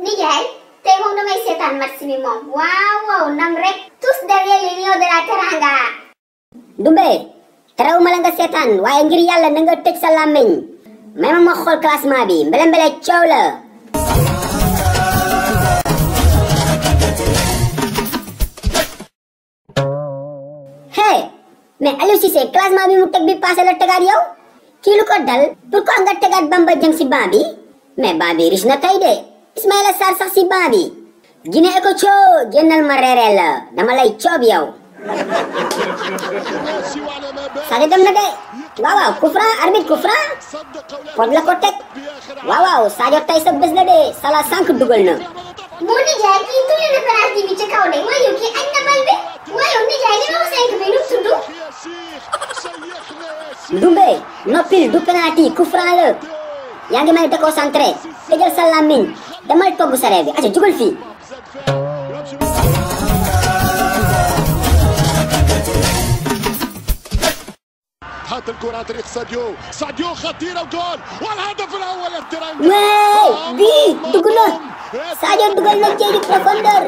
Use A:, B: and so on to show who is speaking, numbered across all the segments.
A: Nijaay tey moom damay seetaan match bi moom waaw waaw ndam rek tous derrière l'Union de la Teranga. Dumbe terewuma la nga seetaan waaye ngir yàlla na nga tëj sa làmmiñ ma ma xool classement bi mbele mbele coow la. hey mais Aliou Cissé classement bi mu teg bi passé la tegaat yow kii lu ko dal pourquoi nga tegaat Bamba Dieng si banc bi mais banc bi riche tey de. Ismaïla Sarr sax si baa la dama lay coob yow Sadio dem de waaw waaw coup franc arbitre coup franc pod la ko teg waaw waaw Sadio tey sa bés la de sala sànq dugal na moo nijaay kii tule na penalty bi ci kaw de mooy yow kii añ na bal bi mooy mu tudd Dumbe noppil du penalty coup la yaa ngi may déconcentré tëjal sa làmmiñ demal togg sa reer bi aca jugal fii حط الكرة عن طريق ساديو ساديو خطيرة وجول والهدف الأول الترنج واو بي دقلو ساديو دقلو جيدي بروفندر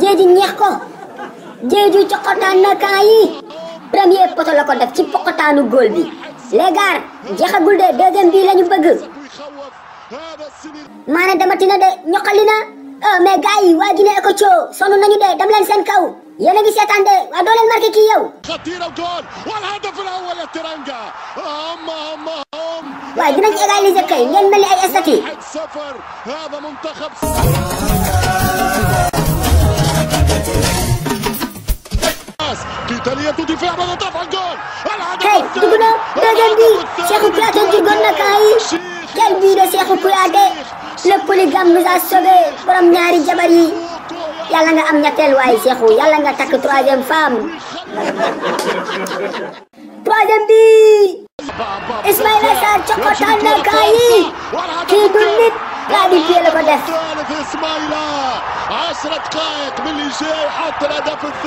A: جيدي نيحكو جيدي تقطان نكاي premier poto la ko def ci pokotanu goal bi les gars jaxagul de deuxième bi lañu bëgg maanaam dama tina de ñoqali na oh, mais gars yi waa Guinée Ecocho sonn nañu de dem leen seen kaw yéen a ngi seetaan de waa doo leen marqué kii yow. waaye dinañ égaliser kay ngeen mel ni ay estati. tey dugg na deuxième bi Cheikhou Kouyaté kuyaate le li gàmmu orang sobe borom ñaari jabar yi yàlla nga am ñetteel takut Seexu yàlla nga takk troisième femme troisième bi Ismaïla Sarr cokotaan na gaa yi du nit gaa di kii ko def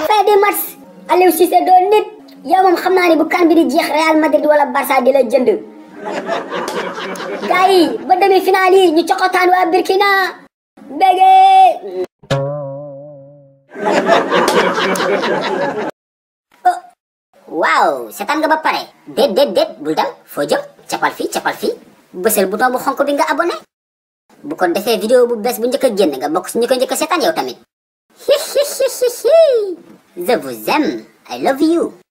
A: fin du Aliou Cissé nit yow bu kan bi di jeex Real Madrid wala Barça di la jënd gars yi ba demi-finale yi ñu coqotaan waa Burkina bégé oh, waaw seetaan nga ba pare déet déet déet bul dal foo jëm capal fii capal fii bësal bouton bu xonk bi nga abonné bu ko defee vidéo bu bees bu njëkk a génn nga bokk si ñu ko yow ya, tamit je vous aime I love you